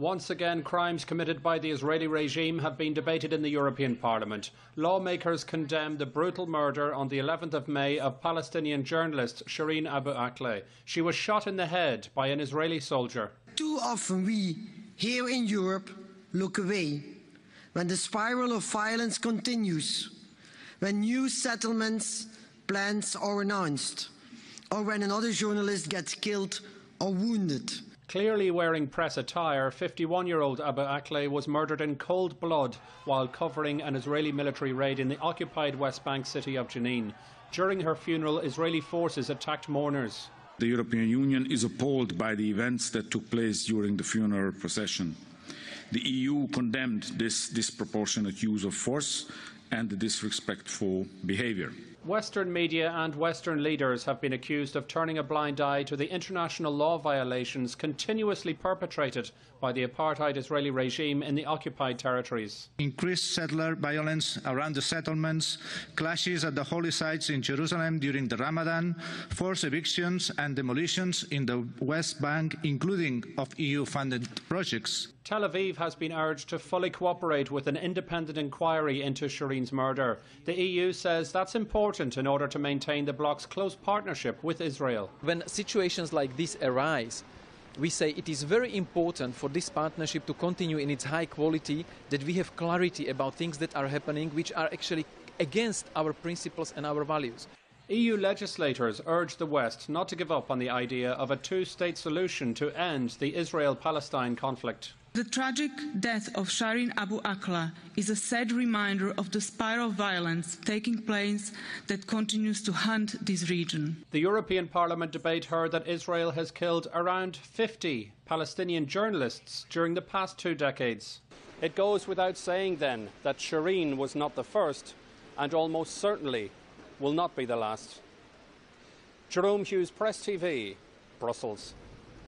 Once again, crimes committed by the Israeli regime have been debated in the European Parliament. Lawmakers condemn the brutal murder on the 11th of May of Palestinian journalist Shireen Abu Akleh. She was shot in the head by an Israeli soldier. Too often we, here in Europe, look away when the spiral of violence continues, when new settlements, plans are announced, or when another journalist gets killed or wounded. Clearly wearing press attire, 51 year old Abu Akleh was murdered in cold blood while covering an Israeli military raid in the occupied West Bank city of Jenin. During her funeral, Israeli forces attacked mourners. The European Union is appalled by the events that took place during the funeral procession. The EU condemned this disproportionate use of force and the disrespectful behavior. Western media and Western leaders have been accused of turning a blind eye to the international law violations continuously perpetrated by the apartheid Israeli regime in the occupied territories. Increased settler violence around the settlements, clashes at the holy sites in Jerusalem during the Ramadan, forced evictions and demolitions in the West Bank, including of EU-funded projects. Tel Aviv has been urged to fully cooperate with an independent inquiry into Shireen's murder. The EU says that's important important in order to maintain the bloc's close partnership with Israel. When situations like this arise, we say it is very important for this partnership to continue in its high quality, that we have clarity about things that are happening which are actually against our principles and our values. EU legislators urge the West not to give up on the idea of a two state solution to end the Israel Palestine conflict. The tragic death of Shireen Abu Akla is a sad reminder of the spiral of violence taking place that continues to haunt this region. The European Parliament debate heard that Israel has killed around 50 Palestinian journalists during the past two decades. It goes without saying then that Shireen was not the first and almost certainly will not be the last. Jerome Hughes, Press TV, Brussels.